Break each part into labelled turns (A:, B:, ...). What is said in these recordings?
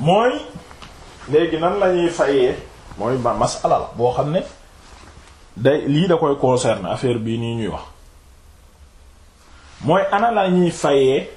A: mooy léegi nan lañuy ñuy fayee mooy ba masala boo xam ne day lii da koy concerne affaire bii nii ñuy wax mooy ana la ñuy fayee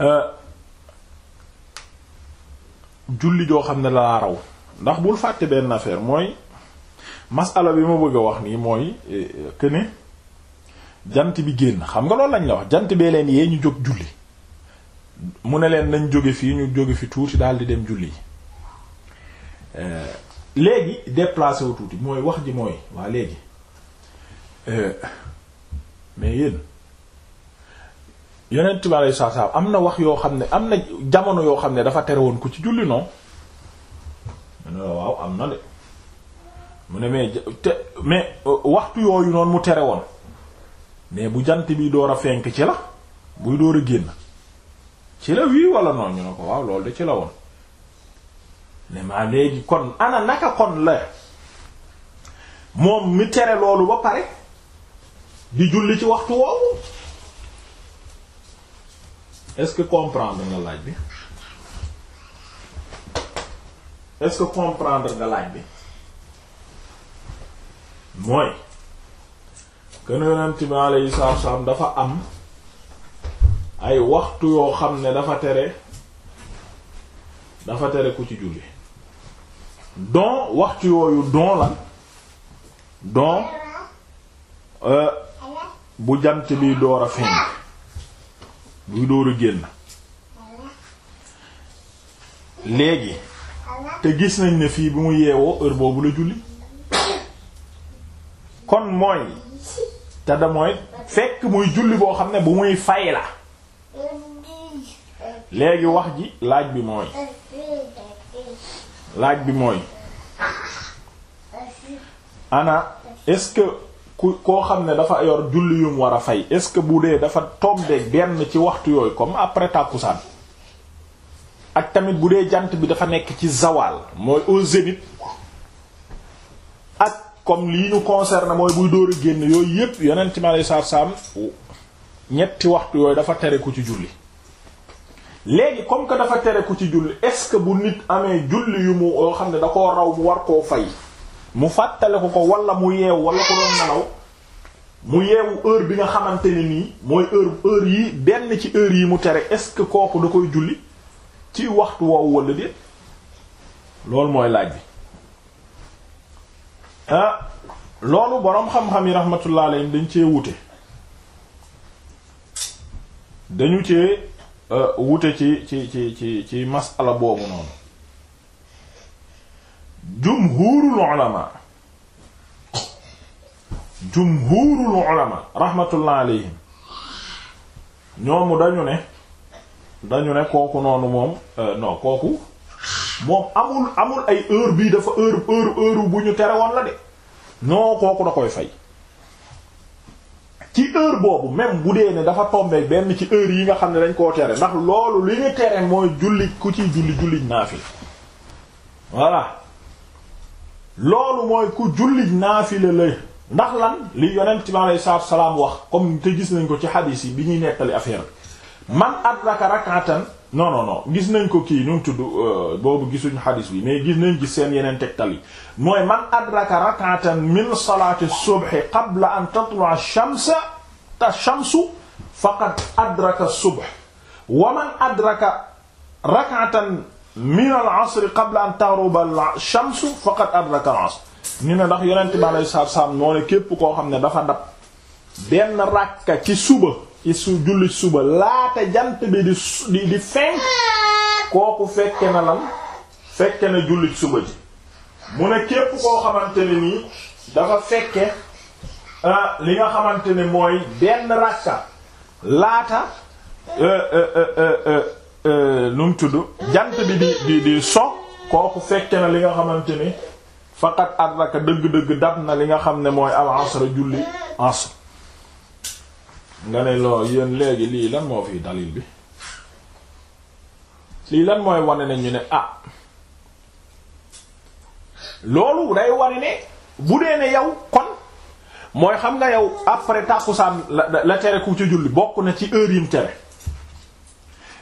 A: euh, julli joo xam ne la raw ndax bul fàtte benn affaire mooy masala bi ma bëgg wax nii mooy euh, que ne jant bi génn xam nga lool lañ la wax jant bee leen yee ñu jóg julli mu ne leen nañ jóge fii ñu jóge fi tuuti daal di dem julli euh, léegi déplacé wu tuuti mooy wax ji mooy waa léegi euh, mais yéen yonent bi alei satu am na wax yoo xam ne am na jamono yoo xam ne dafa tere woon ku ci julli non mu ne waaw am na de mu ne mais te mais euh, waxtu yooyu noonu mu tere woon mais bu jant bi door a fenk ci la buy door a génn ci la wii wala noonu ñu ne ko waaw loolu de ci la woon ne maa léegi kon ana naka kon la moom mi tere loolu ba pare di julli ci waxtu woowu est-ce que comprendre nga laaj bi est-ce que comprendre nga laaj bi mooy kenn yonent bi alayhi salaam dafa am ay waxtu yoo xam ne dafa tere dafa tere ku ci julli don waxtu yooyu don la don euh, bu jant biy door a fenk buy door a génn léegi te gis nañ ne fii bi mu yeewoo heure boobu la julli kon mooy te da fekk muy julli boo xam ne bu muy fay la léegi wax ji laaj bi mooy laaj bi mooy ana est-ce que ku koo xam ne dafa yor julli yum war a fay est-ce que bu dee dafa tombeeg benn ci waxtu yooyu comme après tàkkusaan ak tamit bu dee jant bi dafa nekk ci zawal mooy au ak comme li ñu concerné mooy buy dóor génn yooyu yépp yeneen ci alayhi salaam ñetti waxtu yooyu dafa tere ku ci julli léegi comme que dafa tere ku ci julli est-ce que bu nit amee julli yu mu yoo xam ne da ko raw mu war koo fay mu fàttale ko ko wala mu yeewu wala ko doon nelaw mu yeewu heure bi nga xamante ne nii mooy heure heure yi benn ci heure yi mu tere est-ce que kooku da koy julli ci waxtu woowu wala déet loolu mooy laaj bi ah, loolu boroom xam-xam yi rahmatullah alayhi dañ cee wute dañu ci euh, wute ci ci ci ci ci masala boobu noonu jumhurul ulama jumhurul ulama rahmatullah alayhim ñoomu dañu ne dañu ne kooku noonu moom euh, non kooku moom amul amul ay heure bii dafa heure heure heure bu ñu tere woon la de non kooku da koy fay ci heure boobu même bu dee ne dafa tombé benn ci heure yi nga xam ne dañ koo tere ndax loolu li ñu tere mooy julli ku ciy julli julli naafila voilà loolu mooy ku julli naafila la ndax lan li yonent bi alayhi salaatu salaam wax comme te gis nañ ko ci hadis yi bi ñuy nettali affaire bi man adraka rak'atan non non non gis nañ ko kii ñu tudd euh, boobu gisuñu xadis bi mais gis nañ gis seen yeneen tegtal yi mooy man adraka rak'atan min salaati subhi qabla an tatlu'a ash ta shamsu faqad adraka subh wa man adraka rak'atan min al-'asri an tagruba ash-shamsu faqad adraka al ne ndax yonent bi alayhi ne képp koo xam ne dafa dab benn rakka ci suba isu julli suba laata jant bi di di kooku fekke na lan fekke na jullit suba ji mu ne képp koo xamante ne nii dafa fekke ah, li nga xamante ne mooy benn rakka laata eh, eh, eh, nu mu tudd jant bi di di so kooku fekke na li nga xamante ni faqat adraka dëgg-dëgg dab na li nga xam ne mooy al asr julli asr nga ne loo yéen léegi lii lan moo fi dalil bi lii lan mooy wane nañ ñu ne ah loolu day wane ne bu dee ne yow kon mooy xam nga yow après tàkkusaan la la tere ku ci julli bokk na ci heure yim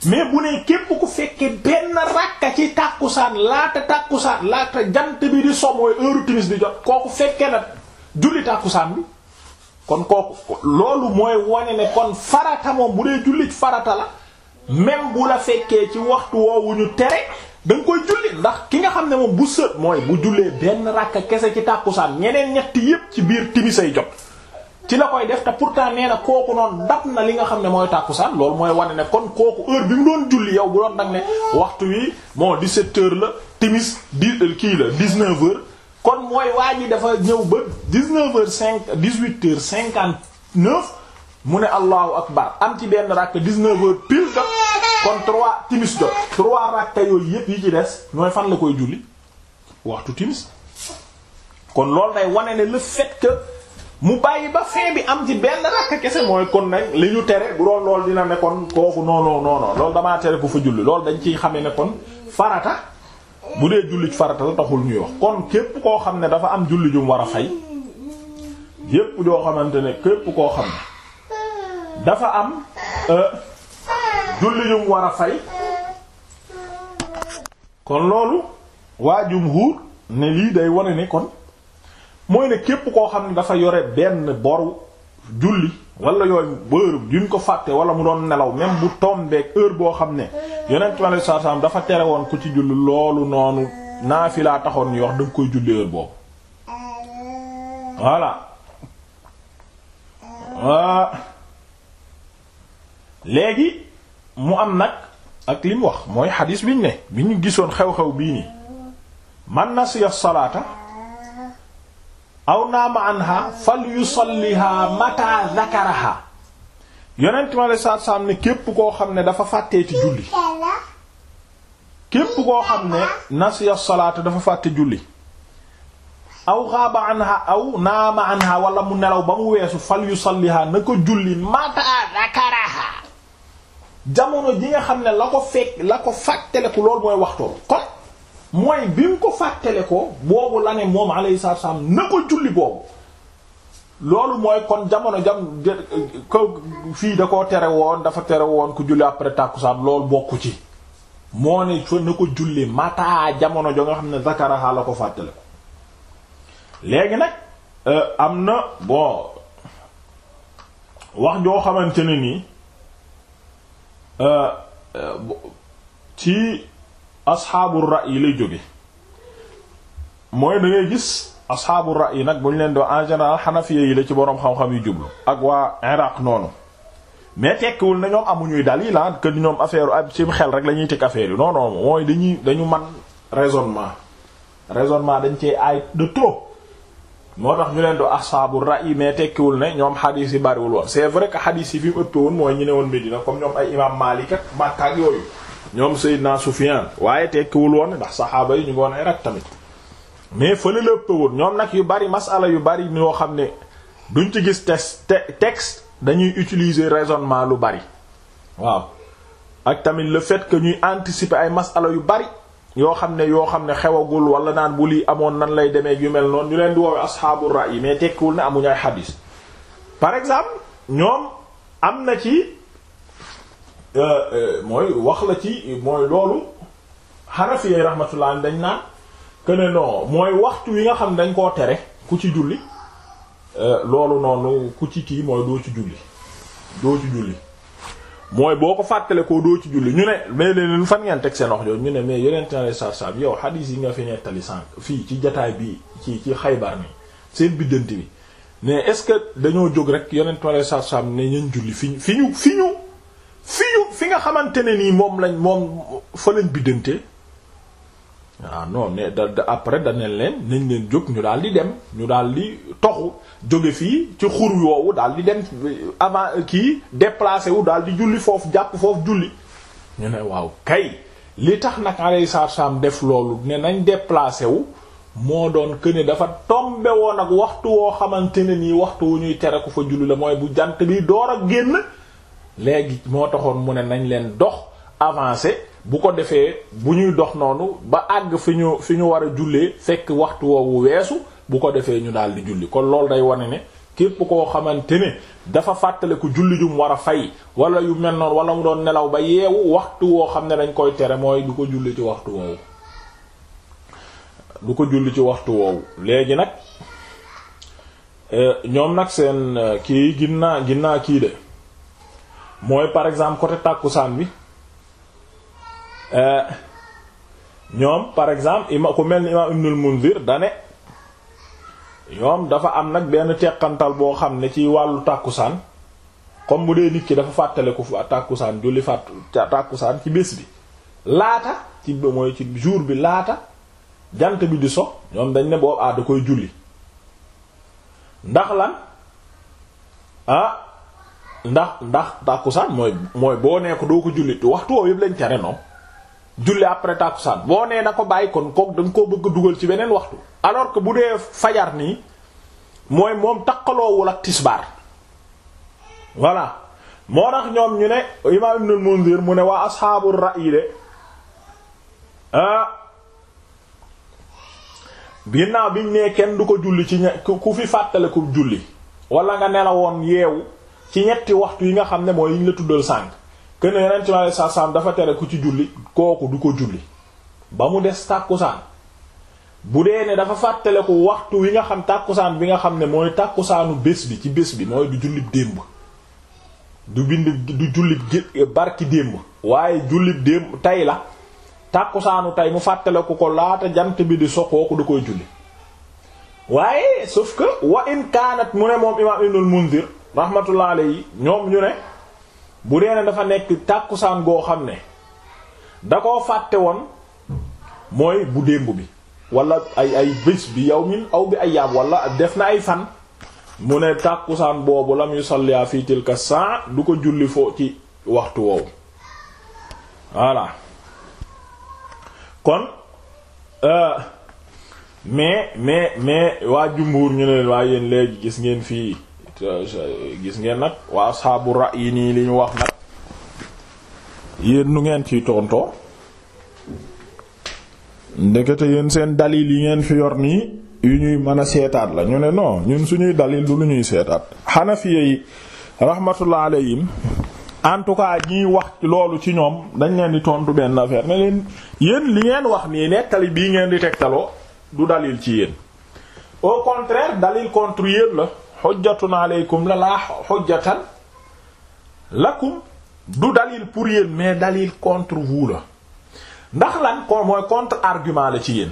A: mais bu ne képp ku fekkee benn rakka ci tàkkusaan laata tàkkusaan laata jant bi di so mooy heure timis di jot kooku fekkee na julli tàkkusaan bi kon kooku loolu mooy wane ne kon farata moom bu dee jullit farata la même bu la fekkee ci waxtu woowu ñu tere da nga koy julli ndax ki nga xam ne moom bu së mooy bu jullee benn rakka kese ci tàkkusaan ñeneen ñetti yépp ci biir timisay jot ci la koy def te pourtant nee na kooku noonu dab na li nga xam ne mooy tàkkusaan loolu mooy wane ne kon kooku heure bi mu doon julli yow bu doon nag ne waxtu wi moo 17 heures la timis di euh, kii la 19 heures kon mooy waa yi dafa ñëw ba dix-neuf heures cinq dix-huit heures neuf mu ne allahu akbar am ci benn rakk dix-neuf heures kon trois timis jot trois rakka yooyu yépp yi ci des mooy fan la koy julli waxtu timis kon loolu day wane ne le fait que mu bàyyi ba fin bi am ci benn rakk kese mooy kon nag li ñu tere bu doon lool dina ne kon kooku non non non non loolu damaa tere ku fa julli loolu dañ ciy xame ne kon farata bu dee jullit farata la taxul ñuy wax kon képp koo xam ne dafa am julli yum war a fay yépp joo xamante ne képp koo xam dafa am euh, julli war a fay kon loolu waa jumhuur ne lii day wone ne kon mooy ne képp koo xam ne dafa yore benn bor julli wala yooyu heure duñ ko fàtte wala mu doon nelaw même bu tombeek heure boo xam ne yonent ma lay saa dafa tere woon ku ci julli loolu noonu naa naafilaa taxoon ñuy wax da nga koy julli heure boobu voilà waa ah. léegi mu am nag ak li wax mooy xadiis biñ ne bi ñu gisoon xew-xew bii nii man nasiya salaata aw naama anha fal yusalliha mata zakaraha yonent mi alei saatu salaam ne képp koo xam ne dafa fàtteeti julli képp koo xam ne nasiya salaatu dafa fàtte julli aw xaaba anha aw naama anha wala mu nelaw ba mu weesu fal yusalliha na ko julli mata jamono ji nga xam ne la ko fekk la ko fàtteleku loolu mooy waxtoom mooy bi mu ko fàttale ko boobu la ne moom alayhi salaatu wa na ko julli boobu loolu mooy kon jamono jam ko fii da koo tere woon dafa tere woon ku julli après tàkkusaan loolu bokku ci moo ne fa na ko julli mataa jamono jo nga xam ne zakaraha la ko fàttale ko léegi nag euh, am na bon wax joo xamante ne nii euh, euh, ci asxaabu yi lay jóge mooy da ngay gis asxaabu yi nag bu ñu leen doo en général xanafiya yi la ci boroom xam-xam yu jublu ak waa Iraq noonu mais tekkiwul na ñoom amuñuy dalil la ah, que ñoom affaire ab ci xel rek la ñuy teg affaire yi non non mooy dañuy dañu man raisonnement raisonnement dañ cee aay de trop moo tax ñu leen do asxaabu ra'yi mais tekkiwul ne ñoom xadiis yi bariwul woon c'est vrai que xadiis yi fi mu ëppee woon mooy ñu ne woon Medina comme ñoom ay imaam Maalik ak ñoom Seydina Sufyan waaye tekkiwul woon ndax saxaaba yi ñu ngi woon ay rak tamit mais fële la ëpp ñoom nag yu bari masala yu bari yoo xam ne duñ ci gis test texte dañuy utiliser raisonnement lu bari waaw ak tamit le fait que ñuy anticiper ay masala yu bari yoo xam ne yoo xam ne xewagul wala naan bu lii amoon nan lay demee yu mel noonu ñu leen di woowe asxaabu yi mais tekkiwul ne amuñu ay xadis par exemple ñoom am na ci Euh, euh, mooy wax la ci mooy loolu Hanafi yi rahmatullah dañ naan que ne non mooy waxtu yi nga xam dañ koo tere ku ci julli euh, loolu noonu ku ci kii mooy doo ci julli doo ci julli mooy boo ko fàttale koo doo ci julli ñu ne mais leen fan ngeen teg seen wax jooju ñu ne mais yeneen temps saab yow hadis yi nga fi nettali sànq fii ci jataay bi ci ci xaybar ni seen biddant bi mais est-ce que dañoo jóg rek yeneen temps saab saab ne ñeen julli fi fi ñu fi ñu xamante ne nii moom lañ moom fa lañ biddante ah no ne da da après danañ leen nañ leen jóg ñu daal di dem ñu daal di toxu jóge fii ci xur yoowu daal di dem avant kii déplacé wu daal di julli foofu jàpp foofu julli ñu ne waaw kay li tax nag alayhi salaam def loolu ne nañ déplacé wu moo doon que ne dafa tombe woon ak waxtu woo xamante ne nii waxtu wu ñuy tere ko fa julli la mooy bu jant bi door a génn. léegi moo taxoon mu ne nañ leen dox avancé bu ko defee bu ñuy dox noonu ba àgg fi ñu fi ñu war a jullee fekk waxtu woowu weesu bu ko defee ñu daal di julli kon loolu day wane ne képp koo xamante ne dafa fàttale ku julli jum war a fay wala yu mel noonu wala mu doon nelaw ba yeewu waxtu woo xam ne dañ koy tere mooy du ko julli ci waxtu woowu du ko julli ci waxtu woowu léegi nag eh, ñoom nag seen eh, kii ginnaa ginnaa kii de mooy par exemple côté tàkkusaan bi euh, ñoom par exemple ima ku mel ni imaam Ibnul Munzir dane ñoom dafa am nag benn teqantal boo xam ne ci wàllu tàkkusaan comme mu dee nit ki dafa fàttaleku tàkkusaan julli fàtt tàkkusaan ci bés bi laata ci mooy ci jour bi laata jant bi di so ñoom dañ ne boobu ah da koy julli ndax lan ah ndax ndax tàkkusaan mooy mooy boo nee ko doo ko julli waxtu woowu yëpp lañ tere noonu julli après tàkkusaan boo nee na ko bàyyi kon kooku da nga koo bëgg dugal ci beneen waxtu. alors que bu dee fajar nii mooy moom takkaloowul ak tisbaar voilà moo tax ñoom ñu ne imaam Ibnul Munzir mu ne waa asxaabu ra'yi de ah naa biñ ne kenn du ko julli ci ña ku fi fàttale ku julli wala nga nelawoon yeewu. ci ñetti waxtu yi nga xam ne mooy yi la tuddal sànq que ne Yonent bi sallallahu alayhi wasallam dafa tere ku ci julli kooku du ko julli ba mu des tàkkusaan bu dee ne dafa fàttaleku waxtu wi nga xam tàkkusaan bi nga xam ne mooy tàkkusaanu bés bi ci bés bi mooy du jullib démb du bind du jullib barki démb waaye jullib démb tey la tàkkusaanu tey mu fàttaleku ko laata jant bi di so kooku du koy julli waaye sauf wa in kaanat mu ne moom imaam Ibnul Munzir rahmatullah yi ñoom ñu ne bu dee ne dafa nekk tàkkusaan goo xam ne da koo fàtte woon mooy bu démb bi wala ay ay bés bi yow mi aw bi ay yaab wala def na ay fan mu ne tàkkusaan boobu lam yusallia fi tilka saa du ko julli foo ci waxtu woowu voilà kon euh, mais mais mais waa jumbuur ñu ne waa yéen léegi gis ngeen fii gis ngeen nag waa saabu ra yi nii li ñu wax nag yéen nu ngeen ciy tontoo ndekete yéen seen dalil yi ngeen fi yor nii yu ñuy mën a seetaat la ñu ne noo ñun suñuy dalil du lu ñuy seetaat xanafiya yi rahmatullah alayhim en tout cas ñiy wax loolu ci ñoom dañ leen di tontu benn affaire ne leen yéen li ngeen wax nii nettali bii ngeen di tegtaloo du dalil ci yéen au contraire dalil contre yéen la xujjatun aleykum la laa xujjatan lakum du dalil pour yéen mais dalil contre vous la ndax lan kon mooy contre argument la ci yéen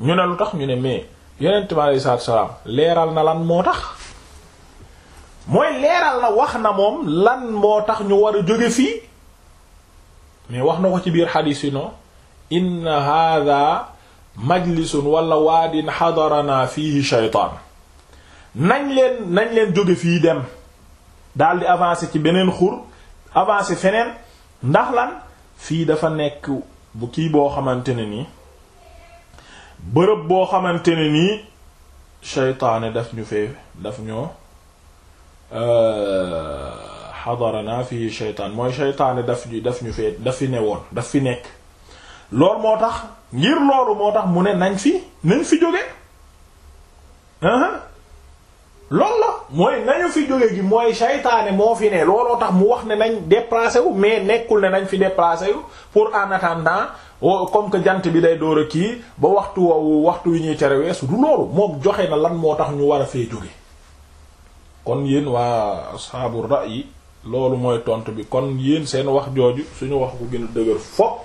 A: ñu ne lu tax ñu ne mais yonent salaam leeral na lan moo tax mooy leeral na wax na moom lan moo tax ñu war a jóge fii mais wax na ko ci biir xadiis yi non inna hadha majlisun wala waadin xadarana fii shaytaan nañ leen nañ leen jóge fii dem daal di ci beneen xur avancer feneen ndax lan fii dafa nekk bu kii boo xamante ne nii bërëb boo xamante ne nii seytaane daf ñu fee daf ñoo euh, naa fi seytaan mooy seytaane daf ñu daf ñu fee daf fi ne woon daf fi nekk loolu moo tax ngir loolu moo tax mu ne nañ fi nañ fi jóge loolu la mooy nañu fi jóge gi mooy saytaane moo fi ne looloo tax mu wax ne nañ déplacé wu mais nekkul ne nañ fi déplacé wu pour en attendant oh, comme que jant bi day door a kii ba waxtu woowu waxtu wi ñuy tere weesu du loolu moom joxe na lan moo tax ñu war a fee jóge kon yéen waa asxaabu ra'yi loolu mooy tontu bi kon yéen seen wax jooju suñu wax ko gën a dëgër fopp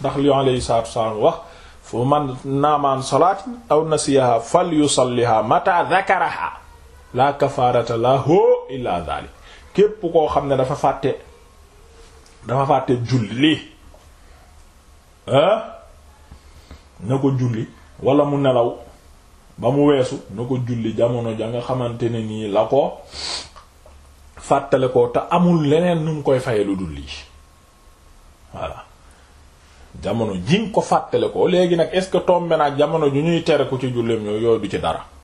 A: ndax li alayhi salaatu wassalaam wax fu man naamaan salaatin aw nasiyaha fal yusalliha mata dhakaraha la kafaarata lahu illa dhalik képp koo xam ne dafa fàtte dafa fàtte julli ah na ko julli walla mu nelaw ba mu weesu na ko julli jamono ja nga xamante ne nii la ko fàttale ko te amul leneen nu mu koy fayee lu dul lii voilà jamono ji nga ko fàttale ko léegi nag est ce que tombe nag jamono ju ñuy tere ko ci julleem yooyu du ci dara